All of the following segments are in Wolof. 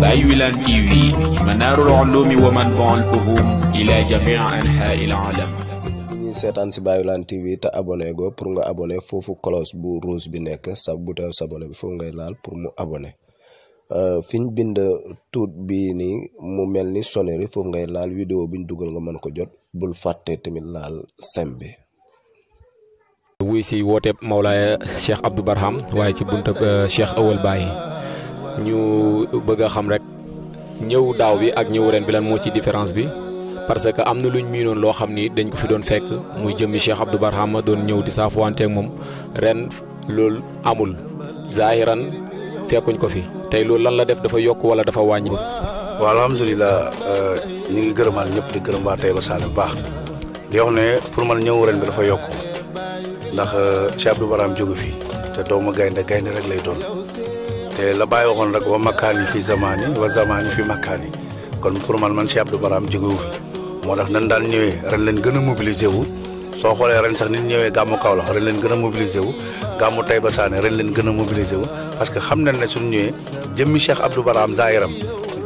بايولان تي في منار العلوم ومنبع الفهوم إلى جميع أنحاء العالم ñi seetaan si TV te abonné go pour nga abonné foofu cloche bu rouge bi nekk sa bouton s'abonné bi foofu ngay laal pour mu abonné fiñ bind tuut bi nii mu mel ni sonnerie foofu ngay laal vidéo biñ dugal nga mën ko jot bul fàtte tamit laal sem wuy si woote Mawlaaya Cheikh Abdou Barham waaye ci buntab Cheikh Awal Baye ñu bëgg a xam rek ñëw daaw bi ak ñëw reen bi lan moo ci différence bi parce que am na luñ miinoon loo xam ni dañ ko fi doon fekk muy jëmmi Cheikh Abdou Barhama doon ñëw di saafuwante ak moom ren loolu amul zahiran fekkuñ ko fi tey loolu lan la def dafa yokk wala dafa wàññi. waaw alhamdulilah euh, ñu ngi gërëmaal ñëpp di gërëm waa Taïba Sané bu baax di wax ne pour man ñëw ren bi dafa yokk ndax euh, Cheikh Abdou Barhama jógu fi te doomu gaynde gaynde rek lay doon. te la bàyyi waxoon rek wa makkaan yi fi zamaani wa zamaani fi makkaan yi kon pour man man Cheikh Abdou Barham jógewu fi moo tax nan daan ñëwee ren leen gën a mobiliser wu soo xoolee ren sax nit ñëwee gàmmu Kaolack ren leen gën a mobiliser wu gàmmu Taïba Sané ren leen gën a mobiliser wu parce que xam nañ ne suñ ñëwee jëmmi Cheikh Abdou Barham zaayiram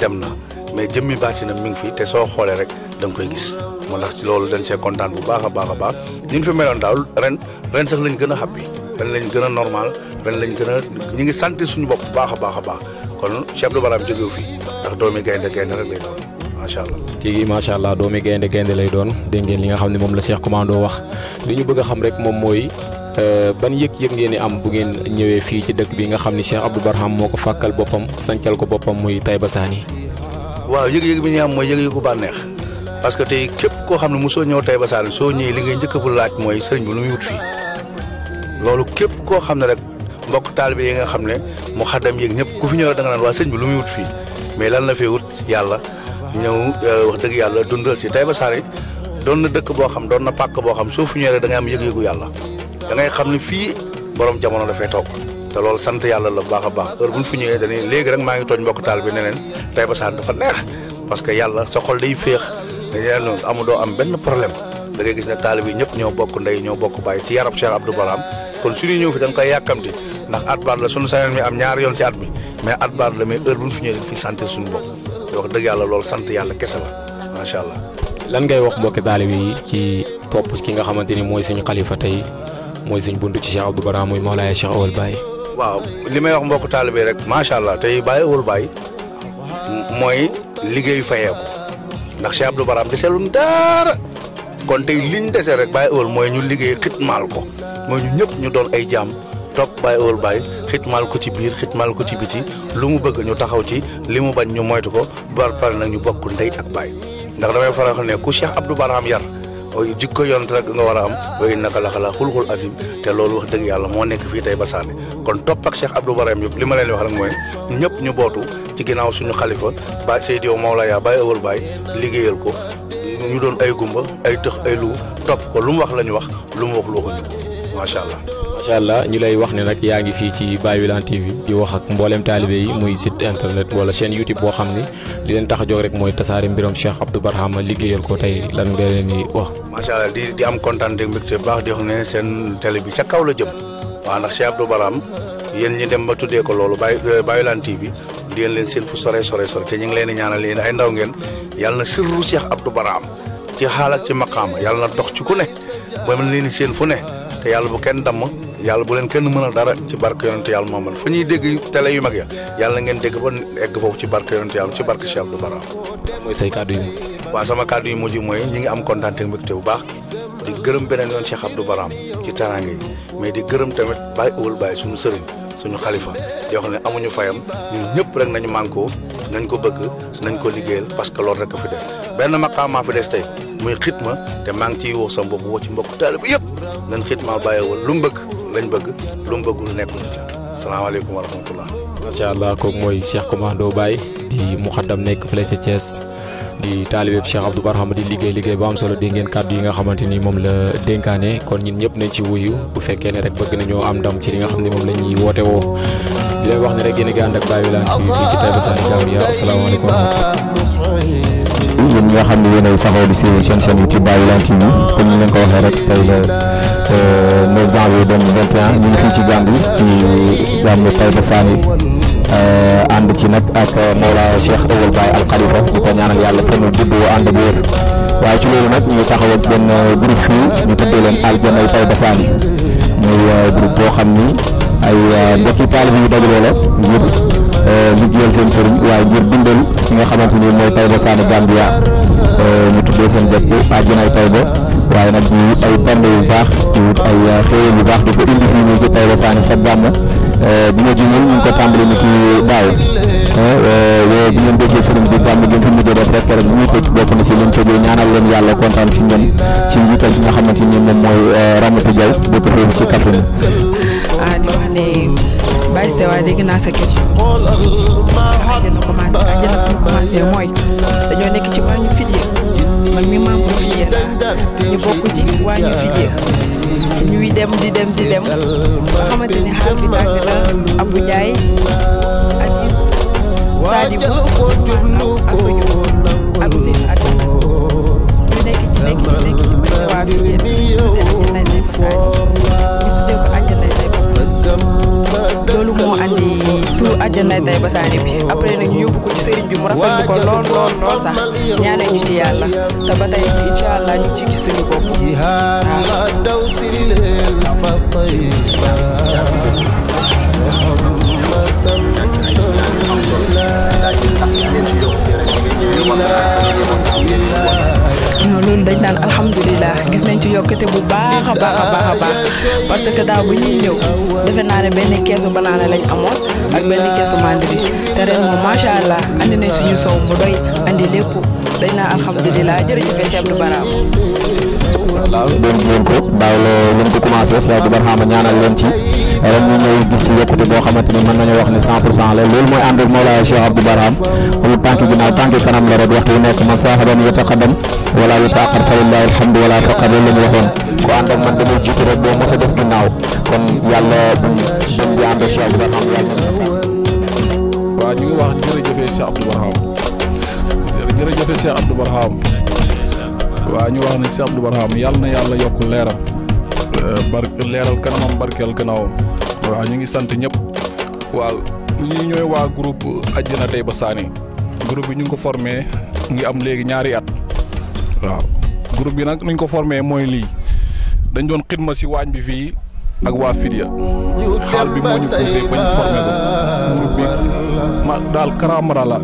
dem na mais jëmmi baatinam mi ngi fi te soo xoolee rek da koy gis moo tax ci loolu dañ cee kontaan bu baax a baax a baax ñun fi meloon daal ren ren sax lañ gën a xàppi ren lañ gën a normal ren lañ gën a ngi sant suñu bopp baax a baax a baax kon Cheikh Abdou Barham jógewu fi ndax doomi gaynde gaynde rek lay doon macha allah. kii macha allah doomi gaynde gaynde lay doon dégg ngeen li nga xam ne moom la Cheikh Commando wax li ñu bëgg a xam rek moom mooy. Euh, ban yëg-yëg ngeen di am bu ngeen ñëwee fii ci dëkk bi nga xam ni Cheikh Abdou Barham moo ko fàkkal boppam sancal ko boppam muy Taïba Sané. waaw yëg-yëg bi ñuy am mooy yëg-yëgu bànneex parce que tey képp koo xam ne mosoo ñëw Taïba Sané soo ñëwee li ngay njëkk bu laaj mooy sëriñ bi lu fii. loolu kep ko xamne rek mbokk taalibe yi nga xamne mu xadam yi ñep ku fi ñëw da nga nan wa señ bi lu muy wut fi mais lan la fi wut yalla ñew euh, wax deug yalla dundal si tayba sare don na dekk bo xam don na pak bo xam soo fu da nga am yeg yegu yalla da ngay xam ne fii borom jamono fay tok te loolu sante yalla la baax a baax heure buñ ñu fi ñëwee dañuy léegi rek ma ngi toñ mbokk taalibe ne tayba sare dafa neex parce que yalla sa xol day feex da yalla amu do am ben problème da ngay gis ne taalib ñëpp ñoo bokk ndey ñoo bokk bàyyi ci yarab cheikh abdou baram kon suñu ñëw fi dañ koy yàkkamti ndax at baat la suñu sañoon mi am ñaari yoon ci at mi mais at baat la mais heure bu ñu fi fi suñu bopp wax dëgg yàlla loolu sant yàlla kese la macha allah lan ngay wax mbokki ci topp ki nga xamante ni mooy suñu xalifa tey mooy suñu buntu ci cheikh abdou baram muy mawlaaya cheikh awal baye waaw li may wax mbokk taalib rek macha allah tey baye awal baye mooy liggéey fayeeku ndax cheikh abdou baram di selum dara kon tey ñu desee rek Baye Eul mooy ñu liggéey xitmaal ko mooy ñu ñëpp ñu doon ay jaam topp Baye Eul Baye xitmaal ko ci biir xitmaal ko ci biti lu mu bëgg ñu taxaw ci li mu bañ ñu moytu ko bar pare nag ñu bokk ndey ak baay ndax damay faral ne ku Cheikh Abdou Barham yar jikko yonent rek nga war a am way naka la xalaa xulxul azim te loolu wax dëgg yàlla moo nekk fii tey ba saane kon topp ak Cheikh Abdou Barham yëpp li ma leen wax rek mooy ñëpp ñu bootu ci ginnaaw suñu xalifa Baye Seydi Mawlaya Baye Eul Baye liggéeyal ko ñu doon ay gumba ay tëx ay lu topp ko lu mu wax la ñu wax lu mu wax loo ko ñu macha allah. macha allah ñu lay wax ne nag yaa ngi fii ci Baye Willane TV di wax ak mboolem taalibe yi muy site internet wala seen YouTube boo xam ni li leen tax a jóg rek mooy tasaare mbiram Cheikh Abdou Barhama liggéeyal ko tey lan nga leen wax. macha allah di di am kontaan te mbégte baax di wax ne seen télé bi ca kaw la jëm waaw ndax Cheikh Abdou Barhama yéen ñi dem ba tuddee ko loolu Baye Baye Willane dien len leen fu sore sore sore te ñing leen ñaanal leen ay ndaw ngeen yalla na sirru cheikh abdou baram ci xalak ci maqam yalla na dox ci ku ne bo mën leen seen fu ne te yalla bu kenn dam yalla bu leen kenn mën dara ci barke yonent yalla mo man fu ñi deg tele yu mag ya yalla ngeen deg ba egg fofu eh, ci barke yonent yalla ci barke cheikh abdou baram moy say cadeau yi wa sama cadeau yi muju moy ñi ngi am kontaan ak mbégte bu baax di gërëm benen yon cheikh abdou baram ci teraange mais di gërëm tamit baye oul baye suñu serigne suñu khalifa yo xamne amuñu fayam ñun ñëpp rek nañu manko nañ ko bëgg nañ ko liggéeyal parce que lool rek fi def benn maqam ma fi des tey muy xitma te maa ngi ciy woo sa mbokk wo ci mbokk talib yëpp nañ xitma bàyyeewal lu mu bëgg lañ bëgg lu mu nekk lu ci salaamaaleykum wa rahmatullah macha allah kooku mooy cheikh commando baye di muxaddam nekk fële ca thiès di taalibeeb Cheikh Abdou Barhama di liggéey liggéey bu am solo di ngeen kàddu yi nga xamante moom la dénkaane kon ñun ñëpp nañ ci wuyu bu fekkee ne rek bëgg nañoo am ndam ci li nga xam ne moom la ñuy woote woo di leen wax ne rek yéen a ngi ànd ak Baye Willane fii ci Taïba Sany Gambia asalaamaaleykum xam ne yéen saxoo di seen seen seen YouTube Baye Willane TV comme ni leen ko waxee rek tey la euh, neuf janvier 2021 ñu ngi fii ci Gambie ci Gambie Taïba Sany Euh, ànd ci nag ak moo la Ewal Baye Al Khalifa di ko ñaanal yàlla fenn gudd ànd bu wér waaye ci loolu nag ñu ngi taxawal benn groupe fii ñu tuddee leen Aljannay Fayda Saali muy euh, groupe boo xam ni ay euh, mbokki taalibe yu dajaloo la ngir liggéeyal seen sëriñ waaye ngir dundal ki nga xamante ni mooy Fayda Saali Gambia ñu tuddee seen bopp Aljannay Fayda waaye nag ñu ay band yu baax ñu ay xéewal bu baax di ko indi fii ñu ci Fayda Saali sa gàmm Euh, bu ma juumee ñu ngi ko tàmbali ni ki daaw euh, euh, waaye bu ngeen déggee sëriñ bi gàmm gi mu mujjee def rek rek bu na si liñ tëjee ñaanal leen yàlla kontaan ci ñoom ci njiital bi nga xamante ni moom mooy Ramatu Jaw dëkk foofu ci Kaffrine. ah di wax ne Baye Sewa dégg mooy dañoo nekk ci waa ñu fidye mi membre fidye laa ñu bokk ci waa ñu ñuy dem di dem di dem nga xamante ne xaal bi tàng na Abou Ndiaye Aziz ak ak Ousseynou Adama ñu nekk ci nekk ci nekk ci projet waa fi ñu tuddee ko àjjana loolu moo andi pour àjjana day basaani bi après nag ñu yóbbu ko ci sëriñ bi mu rafetlu ko lool lool lool sax ñaanee ñu ci yàlla te ba tey incha allah ñu ci gis suñu bopp waaw. non loolu dañ naan alhamdulilah gis nañ ci yokkute bu baax a baax a baax a baax parce que daaw bu ñuy ñëw defe naa ne benn keesu banaana lañ amoon ak benn keesu mandiri te ren moom macha allah andi nañ suñu sow mu doy andi lépp dañ naan alhamdulilah jërëjëf chef du baraam. waaw dégg ngeen ko daaw la leen ko commencé chef du baraam ñaanal leen ci. ren ñu ñëw gis yokkute boo xamante ni mën nañu wax ne 100 pour cent la loolu mooy ànd ak Mawlaaya Cheikh Abdou Barham amul tànk ginnaaw tànk kanam la rek waxtu wu nekk man saaxiban yataqaddam wala yataaxar falillaahi alhamdu wala faqar loolu la ñu waxoon ku ànd ak man damay jiitu rek a des ginnaaw kon yàlla buñ buñ di ànd ak Cheikh Abdou Barham yàlla na sax. waaw ñu ngi wax jërëjëfee Cheikh Abdou Barham jërëjëfee Cheikh Abdou Barham waaw bark leeral kanamam barkel gannaaw wa ñu ngi sant ñep waaw ñi ñoy wa groupe àjjana tay ba groupe bi ñu ngi ko formé ngi am légui ñaari at wa groupe bi nak ñu ko formé moy li dañ doon xidma ci wañ bi fi ak wa Fidia xaal bi moo ñu poussé bañ formé ko groupe ma dal karamara la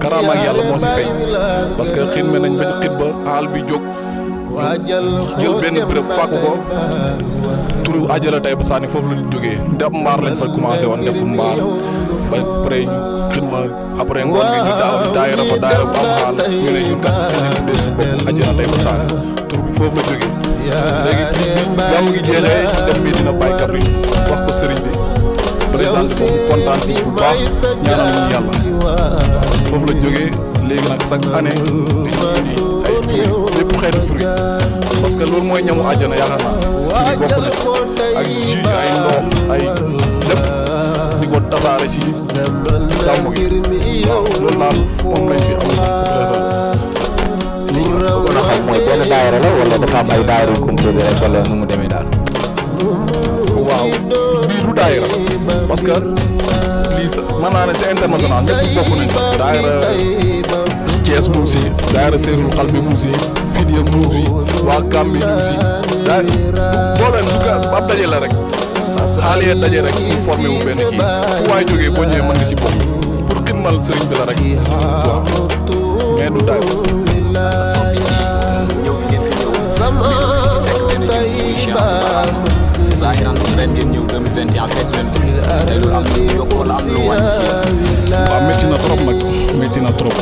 karama ak yalla mo ci fay parce que xidme nañ bañ xidba xaal bi jog jël benn bërëb fàkk ko turu ajara tey ba foofu la ñu jógee def mbaar lañ fa commencé woon def mbaar ba après xidma après ngoon gi ñu bi foofu la jógee léegi gàmm gi jeexee dem bii dina wax ko sëriñ bi président bi kontaan bu baax ñaanal ñu yàlla foofu la jógee léegi nag loolu mooy ñamu na xam mooy benn daayira la wala dafa am ay daayira yu composé rek wala daal. waaw lii du daayira parce que lii mën naa ne c'est international ñëpp bokk nañu daayira. Thiès mu ngi si daayira Seerul Xalbi mu ngi si Fidiya mu ngi si waa Kàmmi mu ngi si daa boo leen ba la rek xaal yee daje rek ñu formé kii fu waay jógee boo ñëwee mën nga si bokk pour xidmal sëriñ bi la rek waaw mais du daay ñëw ngeen ñëw saa yi ànd ren ngeen ñëw 2021 fekk leen tey loolu am na yokk wala am na wàññi ci yéen. waaw métti na trop nag métti na trop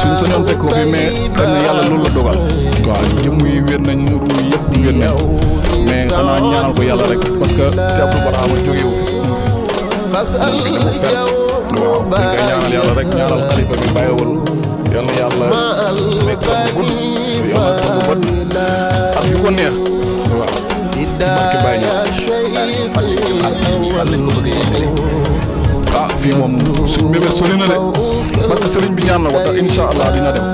suñ sa ñoom fekk ko fi mais xëy na yàlla loolu la dogal. waaw jëmm yi wér nañ ruu yëpp wér nañ mais xanaa ñaanal ko yàlla rek parce que si Abdou Barhama jóge wu. waaw dañ koy ñaanal yàlla rek ñaanal xalifa bi bàyyi woon yal na yàlla may ko am gudd yal na ko am bët ak yu ko neex waaw. barke Baye Niass ah fii moom suñu bébé sori na de parce que sëriñ bi ñaan na ko te incha allah dina dem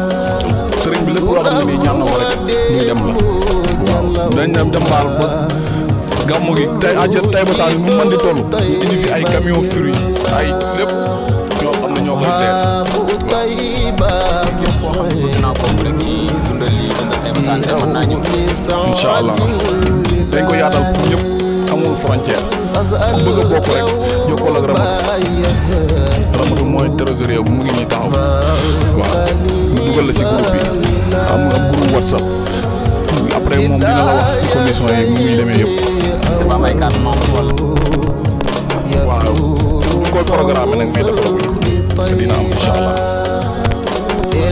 sëriñ bi lépp loo xam ne nii ñaan na ko rek ñu dem la waaw dañ dem dem baal ba gàmmu gi tey àjjee tey ba taal nu mën di toll ñu indi fi ay camion fruits ay lépp ñoo xam ne ñoo koy seet. waaw. incha allah. dañ ko yaatal pour ñëpp amul frontière ku bëgg a bokk rek jokkoo ak Ramatu mu ngi ñuy taxaw waaw mu dugal la si groupe bi am nga whatsapp après moom dina la wax ci commission yi mu ngi demee yëpp. waaw ay quatre membres wala. waaw ñu koy programme nag mais dafa doon dina am incha allah.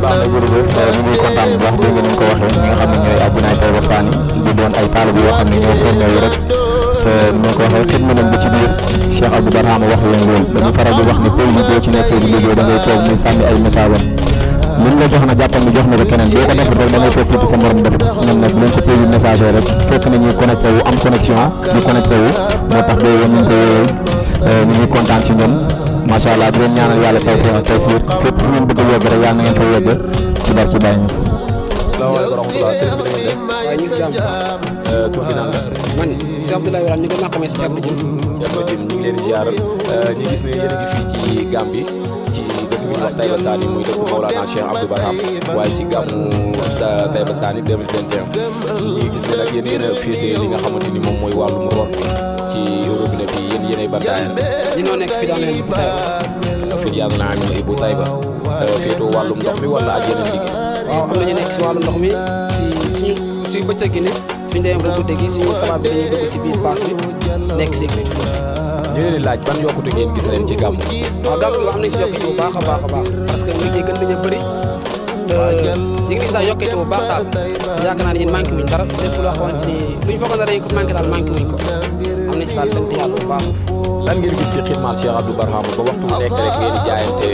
baax na jërëjëf ñu ngi nga waxee ñi nga xam ne ñooy abonné Babacar doon ay taalibe yoo xam ne ñoo formé wu rek te ñoo ko waxee xëy na ba ci biir Cheikh Abdou Barhama wax leen loolu dañu faral di wax ne pël yi boo ci nekkee di liggéey da ngay toog muy sànni ay message am li mu jox na jàppal ni jox na ko keneen boo ko defee rek da tuuti sa morom def ko ñoom nag bu leen ko pël yi message rek fekk na ñuy connecté wu am connexion ñu connecté wu moo tax ba yow ñu ngi ko yooyu euh, ñu ngi kontaan ci ñoom macha allah di leen ñaanal yàlla taw taw taw si fépp fu ngeen bëgg a yegg rek yàlla na ngeen ko yegg ci barki Baye Niass asalaamaaleykum wa rahmatulah sëriñ bi dégg nga waaye ñu ngi si jàmm euh, bi naan la. man ko màqamee si Thierno Diouf. Thierno Diouf ñu ngi leen di ziar di euh, gis ne yéen a ngi fii ci Gambie ci dëkk bi wax Taïba Sani muy dëkk Mawlana Cheikh waaye ci gàmmu sa Taïba Sani 2021 ñu gis ne nag yéen yéen a féetee li nga xamante ni moom mooy wàllum root ci robinet bi yéen yéenay bantaayal. ñu noo nekk fii daanaka bu Taïba. Ibu Taïba euh, féetoo wàllum ndox mi wala ak yeneen liggéey waaw am nañu nekk si wàllu ndox mi si suñu suy bëccëg gi ni suñ demee ba guddi gi suñu sabar bi dañuy dugg si biir baas bi nekk si écrit foofu ñu leen di laaj ban yokkute ngeen gis leen ci gàmm waaw gàmm bi am nañ si yokkute bu baax a baax a baax parce que nit ñi gën nañu ñu ngi gis daal baax daal yaakaar naa ne ñun manqué wuñ dara lépp loo xamante ni luñ foogoon dañ ko manqué daal manqué wuñ ko am nañ si daal sant bu baax. lan ngeen gis ci xidmaal Cheikh Abdou Barhama ba waxtu bu nekk rek ngeen di jaayante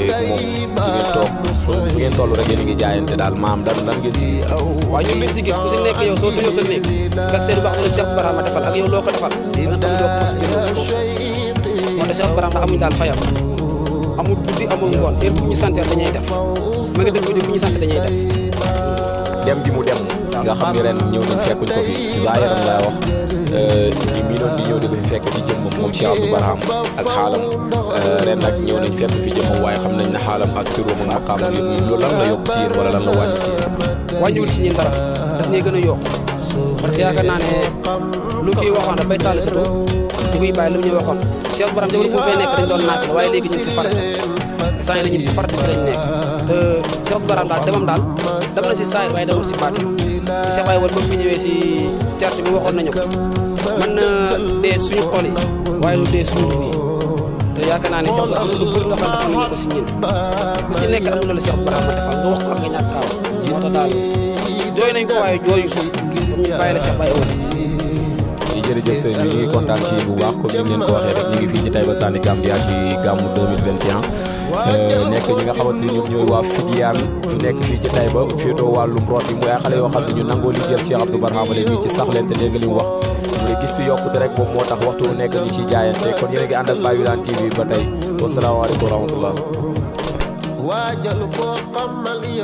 moom bu ngeen toog bu ngeen toll rek yéen a ngi jaayante daal maam lan lan ngeen si gis. waaw si gis ku si nekk yow soo tëjoo sa néeg nga seetlu baax yow loo ko defal da nga toog doo ko mos a jëloon si kaw moo tax daal fayam amul guddi amul ngoon heure bu ñu sant dañuy def ma ngi dëkk bi bu ñu sant dañuy def. dem bi mu dem. nga xam ne ren ñëw nañ fekkuñ ko fi zaayaram laa wax ñi euh, mii doon di ñëw di ko fi fekk ci jëmmam moom Cheikh Abdou ak xaalam euh, ren nag ñëw nañ fekk fi jëmmam waaye xam nañ ne xaalam ak siroom ak xaalam yëpp loolu lan la yokk ci yéen lan la wàññi ci wàññiwul si ñun dara daf ñuy gën a yokk parce que yaakaar naa ne lu kii waxoon rek bay taal ci guy bàyyi lu mu ñu waxoon Cheikh Ibrahima jamono bu fee nekk dañ doon naafila waaye léegi ñu ngi si farata saa yi dañu si farata si lañ nekk te Cheikh Ibrahima daal demam daal dem si saa yi waaye demul si baat yi Cheikh waxoon nañu ko mën na euh, dee suñu xol yi waaye lu dee suñu dund yi te yaakaar naa ne Cheikh Ibrahima am ko si ñun ku si nekk am na loolu Cheikh Ibrahima defal nga wax ko ak nga ñàkk kaaw moo tax daal jooy nañ ko waaye jooyu ko ñu bàyyi la Cheikh Baye woon jërëjëf sëñ bi ñu ngi kontaan si bu baax comme ni ngeen ko waxee rek ñu ngi fii ci Taïba Sany Gambia ci gàmmu 2021 euh, nekk ñi nga xamante ni ñoom ñooy waa Fidiyaan nekk fii ci Taïba féetoo wàllum root yi muy ay xale yoo xam ne ñu nangoo liggéeyal Cheikh Abdou Barhama la ñu ci sax leen te léegi li mu wax nga gis si yokkute rek moo tax waxtu nekk ñu ciy jaayante kon yéen a ngi ànd ak Baye Willane TV ba tey wasalaamaaleykum wa rahmatullah